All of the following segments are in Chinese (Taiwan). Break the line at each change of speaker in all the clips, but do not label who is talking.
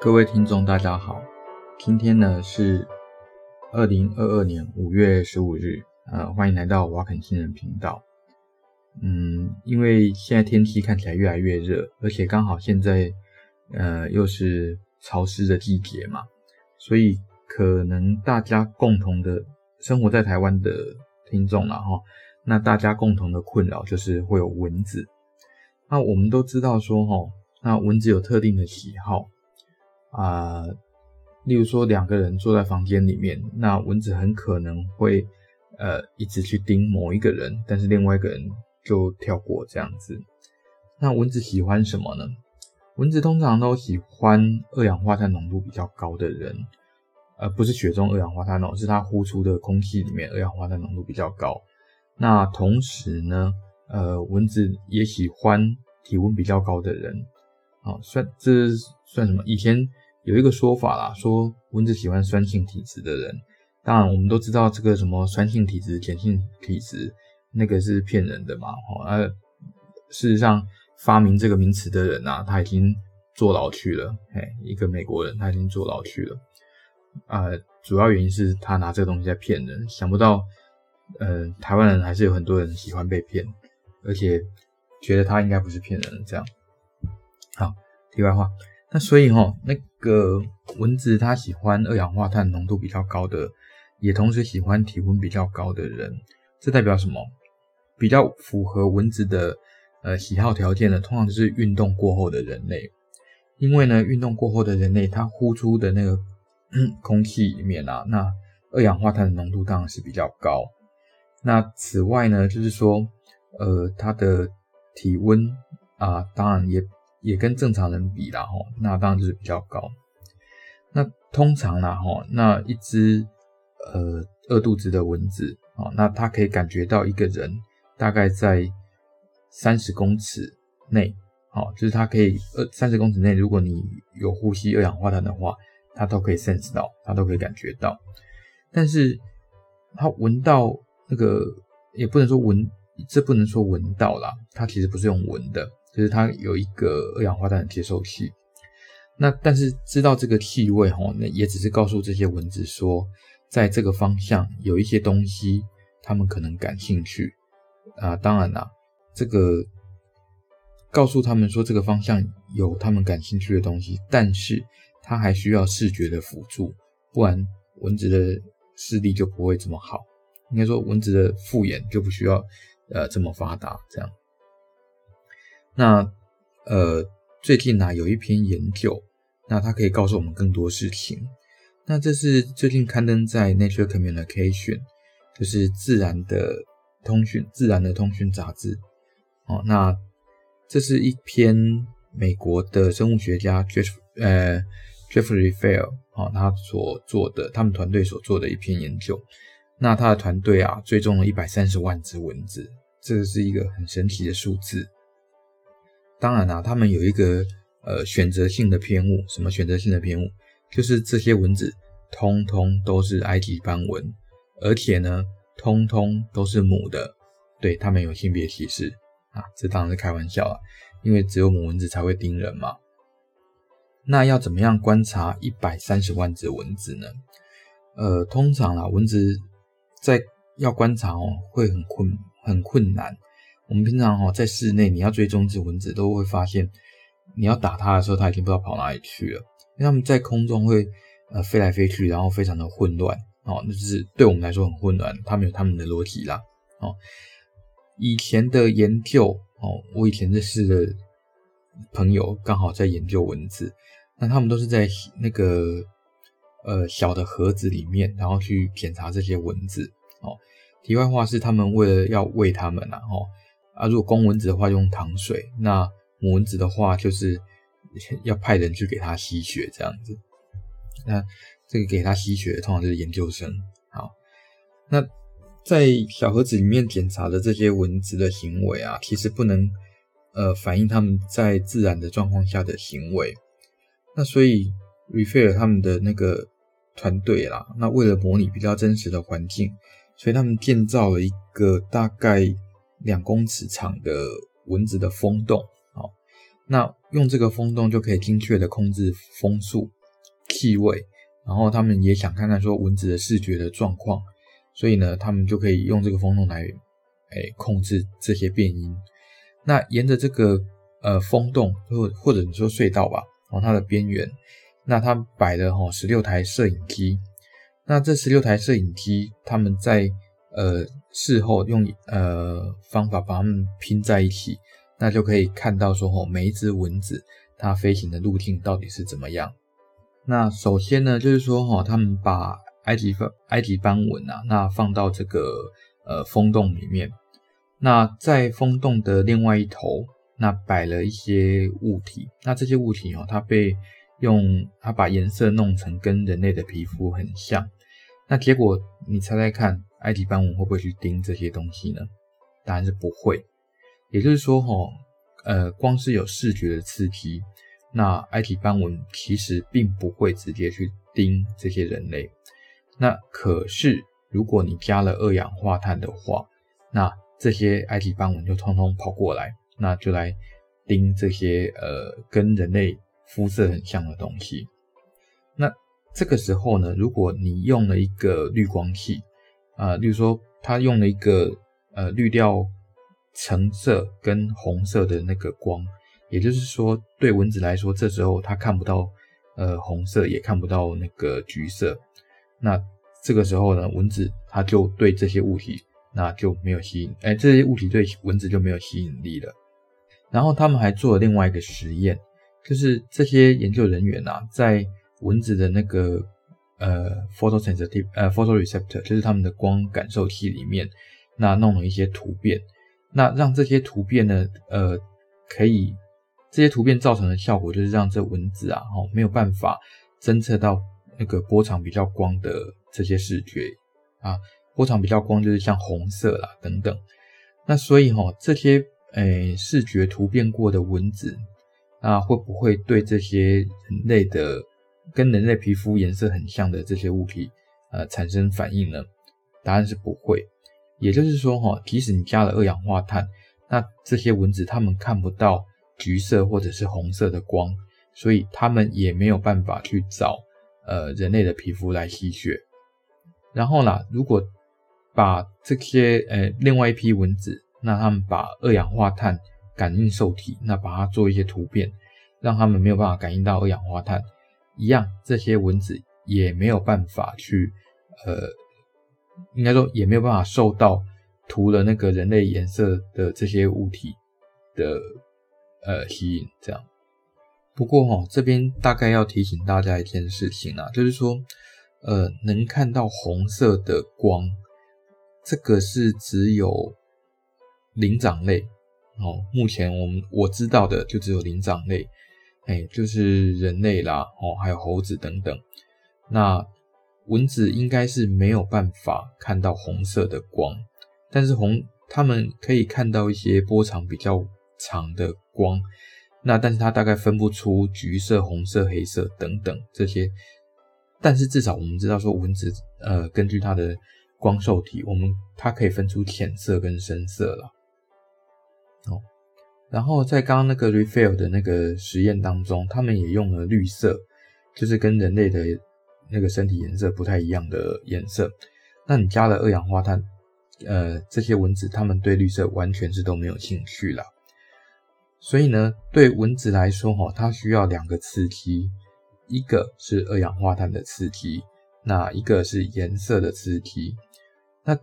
各位聽眾，大家好，今天呢是二零二二年五月十五日，呃，歡迎來到瓦肯星人頻道。嗯，因為現在天氣看起來越來越熱，而且剛好現在，呃，又是潮濕的季節嘛，所以可能大家共同的生活在台灣的聽眾了哈，那大家共同的困擾就是會有蚊子。那我們都知道說齁，那蚊子有特定的喜好。啊、呃，例如說兩個人坐在房間裡面，那蚊子很可能會，呃，一直去叮某一個人，但是另外一個人就跳過這樣子。那蚊子喜歡什麼呢？蚊子通常都喜歡二氧化碳濃度比較高的人，而、呃、不是血中二氧化碳濃，是它呼出的空氣裡面二氧化碳濃度比較高。那同時呢，呃，蚊子也喜歡體溫比較高的人。哦，算，這算什麼？以前有一個說法啦，說蚊子喜歡酸性體質的人。當然，我們都知道這個什麼酸性體質、鹼性體質，那個是騙人的嘛。哦，那、啊、事實上發明這個名詞的人啊，他已經坐牢去了。嘿，一個美國人，他已經坐牢去了。啊、呃，主要原因是他拿這個東西在騙人。想不到，嗯、呃，台灣人還是有很多人喜歡被騙，而且覺得他應該不是騙人這樣。好，題外話，那所以哈，哦，那個蚊子它喜歡二氧化碳濃度比較高的，也同時喜歡體溫比較高的人。這代表什麼？比較符合蚊子的呃喜好條件的，通常就是運動過後的人類，因為呢，運動過後的人類他呼出的那個空氣裡面啊，那二氧化碳的濃度當然是比較高。那此外呢，就是說，呃，他的體溫啊、呃，當然也。也跟正常人比啦哈，那當然就是比較高。那通常啦哈，那一隻呃餓肚子的蚊子啊，那它可以感覺到一個人大概在三十公尺內，好，就是它可以呃三十公尺內，如果你有呼吸二氧化碳的話，它都可以 sense 到，它都可以感覺到。但是它聞到那個也不能說聞，這不能說聞到啦，它其實不是用聞的。就是它有一個二氧化碳的接受器，那但是知道這個氣味吼，那也只是告訴這些蚊子說，在這個方向有一些東西，它們可能感興趣啊。呃，當然啦，這個告訴他們說這個方向有他們感興趣的東西，但是它還需要視覺的輔助，不然蚊子的視力就不會這麼好。應該說蚊子的複眼就不需要呃這麼發達這樣。那，呃，最近呢，啊、有一篇研究，那它可以告訴我們更多事情。那這是最近刊登在《Nature Communications》就是自然的通訊《自然的通訊》《自然的通訊》雜誌。哦，那這是一篇美國的生物學家 Jeff 呃 Jeffrey Fair 啊，他所做的，他們團隊所做的一篇研究。那他的團隊啊追蹤了一百三十萬隻蚊子，這是一個很神奇的數字。當然啦，他們有一個呃選擇性的偏誤，什麼選擇性的偏誤？就是這些蚊子通通都是埃及斑蚊，而且呢，通通都是母的，對他們有性別歧視啊！這當然是開玩笑啦，因為只有母蚊子才會叮人嘛。那要怎麼樣觀察一百三十萬只蚊子呢？呃，通常啦，蚊子在要觀察哦，會很困很困難。我們平常齁在室內，你要追蹤一隻蚊子，都會發現你要打它的時候，它已經不知道跑哪裡去了。因為它們在空中會呃飛來飛去，然後非常的混亂哦，那就是對我們來說很混亂。它們有它們的邏輯啦哦。以前的研究哦，我以前認識的朋友剛好在研究蚊子，那他們都是在那個呃小的盒子裡面，然後去檢查這些蚊子哦。題外話是，他們為了要餵它們啊齁。啊，如果公蚊子的話用糖水，那母蚊子的話就是要派人去給它吸血這樣子。那這個給它吸血通常就是研究生。好。那在小盒子裡面檢查的這些蚊子的行為啊，其實不能呃反映他們在自然的狀況下的行為。那所以瑞菲爾他們的那個團隊啦，那為了模擬比較真實的環境，所以他們建造了一個大概兩公尺長的蚊子的風洞啊，那用這個風洞就可以精確的控制風速、氣味，way, 然後他們也想看看說蚊子的視覺的狀況，所以呢，他們就可以用這個風洞來誒控制這些變音。那沿着這個呃風洞或或者你說隧道吧，哦它的邊緣，那它擺了哈十六台攝影機，那這十六台攝影機他們在。呃，事後用呃方法，把它們拼在一起，那就可以看到說，吼，每一隻蚊子它飛行的路徑到底是怎麼樣。那首先呢，就是說，吼，他們把埃及方埃及斑蚊吶，那放到這個呃風洞裡面，那在風洞的另外一頭，那擺了一些物體，那這些物體哦，它被用它把顏色弄成跟人類的皮膚很像，那結果你猜猜看？埃及斑蚊會不會去叮這些東西呢？當然是不會。也就是說、哦，哈，呃，光是有視覺的刺激，那埃及斑蚊其實並不會直接去叮這些人類。那可是，如果你加了二氧化碳的話，那這些埃及斑蚊就通通跑過來，那就來叮這些呃跟人類膚色很像的東西。那這個時候呢，如果你用了一個濾光器。啊、呃，例如說，他用了一個呃，濾掉橙色跟紅色的那個光，也就是說，對蚊子來說，這時候它看不到呃紅色，也看不到那個橘色。那這個時候呢，蚊子它就對這些物體那就沒有吸引，哎、呃，這些物體對蚊子就沒有吸引力了。然後他們還做了另外一個實驗，就是這些研究人員吶、啊，在蚊子的那個。呃，photosensitive 呃 photoreceptor 就是他們的光感受器裡面，那弄了一些突變，那讓這些突變呢，呃，可以這些突變造成的效果就是讓這蚊子啊，吼、哦、沒有辦法偵測到那個波長比較光的這些視覺啊，波長比較光就是像紅色啦等等，那所以吼、哦、這些誒、呃、視覺突變過的蚊子，啊，會不會對這些人類的？跟人類皮膚顏色很像的這些物體，呃，產生反應呢？答案是不會。也就是說，哈，即使你加了二氧化碳，那這些蚊子他們看不到橘色或者是紅色的光，所以他們也沒有辦法去找呃人類的皮膚來吸血。然後啦，如果把這些呃另外一批蚊子，那他們把二氧化碳感應受體，那把它做一些突變，讓他們沒有辦法感應到二氧化碳。一樣，這些蚊子也沒有辦法去，呃，應該說也沒有辦法受到塗了那個人類顏色的這些物體的，呃，吸引這樣。不過喔，這邊大概要提醒大家一件事情啊，就是說，呃，能看到紅色的光，這個是只有靈長類喔，目前我們我知道的就只有靈長類。哎、欸，就是人類啦，哦，還有猴子等等。那蚊子應該是沒有辦法看到紅色的光，但是紅，它們可以看到一些波長比較長的光。那但是它大概分不出橘色、紅色、黑色等等這些。但是至少我們知道說，蚊子，呃，根據它的光受體，我們它可以分出淺色跟深色了。哦。然後在剛剛那個 refill 的那個實驗當中，他們也用了綠色，就是跟人類的那個身體顏色不太一樣的顏色。那你加了二氧化碳，呃，這些蚊子它們對綠色完全是都沒有興趣了。所以呢，對蚊子來說，哈，它需要兩個刺激，一個是二氧化碳的刺激，那一個是顏色的刺激。那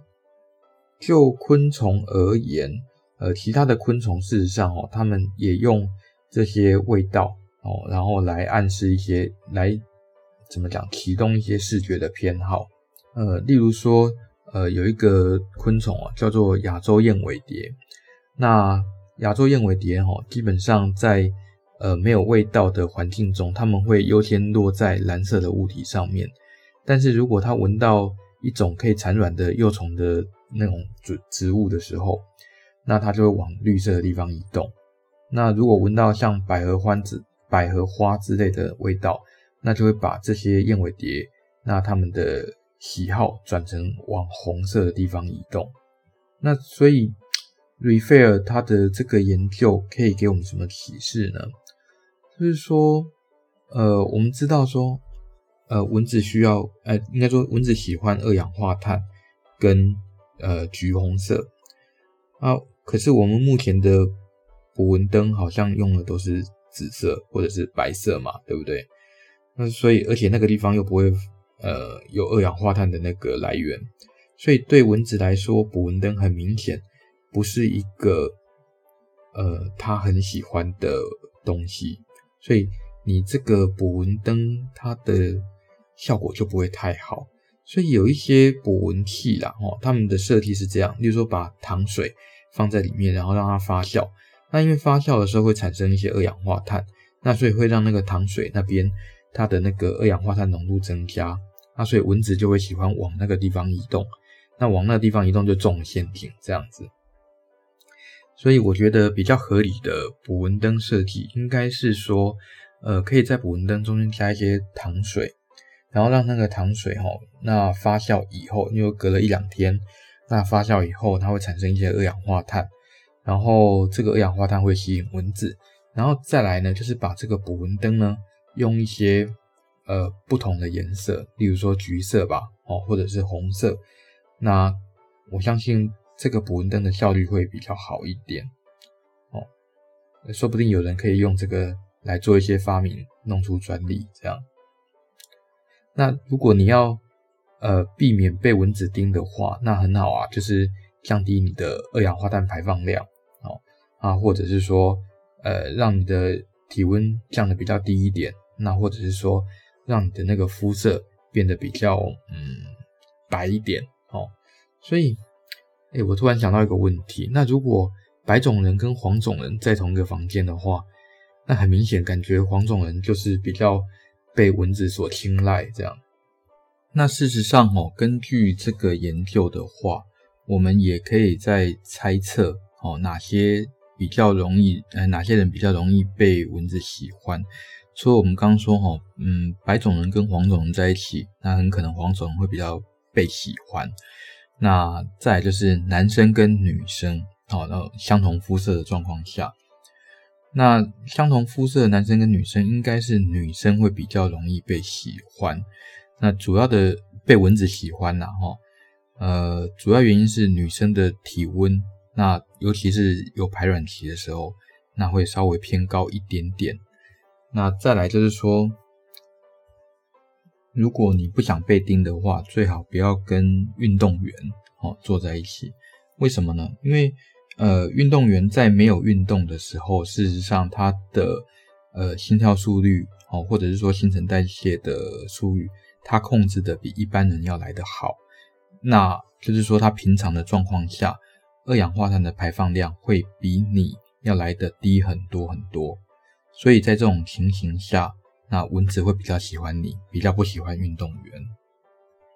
就昆蟲而言。呃，其他的昆蟲事實上哦，他們也用這些味道哦，然後來暗示一些，來怎麼講，啟動一些視覺的偏好。呃，例如說，呃，有一個昆蟲啊，叫做亞洲燕尾蝶。那亞洲燕尾蝶哦，基本上在呃沒有味道的環境中，它們會優先落在藍色的物體上面。但是如果它聞到一種可以產卵的幼蟲的那種植植物的時候，那它就會往綠色的地方移動。那如果聞到像百合花子、百合花之類的味道，那就會把這些燕尾蝶，那它們的喜好轉成往紅色的地方移動。那所以，瑞費爾他的這個研究可以給我們什麼啟示呢？就是說，呃，我們知道說，呃，蚊子需要，呃，應該說蚊子喜歡二氧化碳跟呃橘紅色啊。呃可是我們目前的捕蚊燈好像用的都是紫色或者是白色嘛，對不對？那所以，而且那個地方又不會呃有二氧化碳的那個來源，所以對蚊子來說，捕蚊燈很明顯不是一個呃它很喜歡的東西，所以你這個捕蚊燈它的效果就不會太好。所以有一些捕蚊器啦，哦，他們的設計是這樣，例如說把糖水。放在裡面，然後讓它發酵。那因為發酵的時候會產生一些二氧化碳，那所以會讓那個糖水那邊它的那個二氧化碳濃度增加，那所以蚊子就會喜歡往那個地方移動。那往那個地方移動就中陷阱這樣子。所以我覺得比較合理的捕蚊燈設計應該是說，呃，可以在捕蚊燈中間加一些糖水，然後讓那個糖水哈、喔，那發酵以後，因為又隔了一兩天。那發酵以後，它會產生一些二氧化碳，然後這個二氧化碳會吸引蚊子，然後再來呢，就是把這個捕蚊燈呢，用一些呃不同的顏色，例如說橘色吧，哦，或者是紅色，那我相信這個捕蚊燈的效率會比較好一點哦，說不定有人可以用這個來做一些發明，弄出專利這樣。那如果你要。呃，避免被蚊子叮的話，那很好啊，就是降低你的二氧化碳排放量，哦，啊，或者是說，呃，讓你的體溫降得比較低一點，那或者是說，讓你的那個膚色變得比較嗯白一點，哦，所以，哎，我突然想到一個問題，那如果白種人跟黃種人在同一個房間的話，那很明顯感覺黃種人就是比較被蚊子所青睞，這樣。那事實上，齁，根據這個研究的話，我們也可以再猜測，哦，哪些比較容易，呃，哪些人比較容易被蚊子喜歡。所以，我們剛剛說，齁，嗯，白種人跟黃種人在一起，那很可能黃種人會比較被喜歡。那再來就是男生跟女生，哦，相同膚色的狀況下，那相同膚色的男生跟女生，應該是女生會比較容易被喜歡。那主要的被蚊子喜歡呢？哈，呃，主要原因是女生的體溫，那尤其是有排卵期的時候，那會稍微偏高一點點。那再來就是說，如果你不想被叮的話，最好不要跟運動員哦坐在一起。為什麼呢？因為呃，運動員在沒有運動的時候，事實上他的呃心跳速率哦，或者是說新陳代謝的速率。他控制的比一般人要來得好，那就是說，他平常的狀況下，二氧化碳的排放量會比你要來得低很多很多。所以在這種情形下，那蚊子會比較喜歡你，比較不喜歡運動員。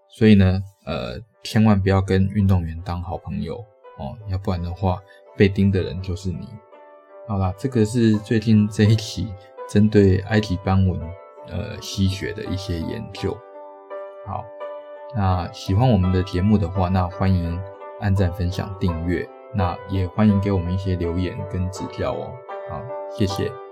所以呢，呃，千萬不要跟運動員當好朋友哦，要不然的話，被叮的人就是你。好啦，這個是最近這一期針對埃及斑蚊，呃，吸血的一些研究。好，那喜歡我們的節目的話，那歡迎按讚、分享、訂閱，那也歡迎給我們一些留言跟指教哦。好，謝謝。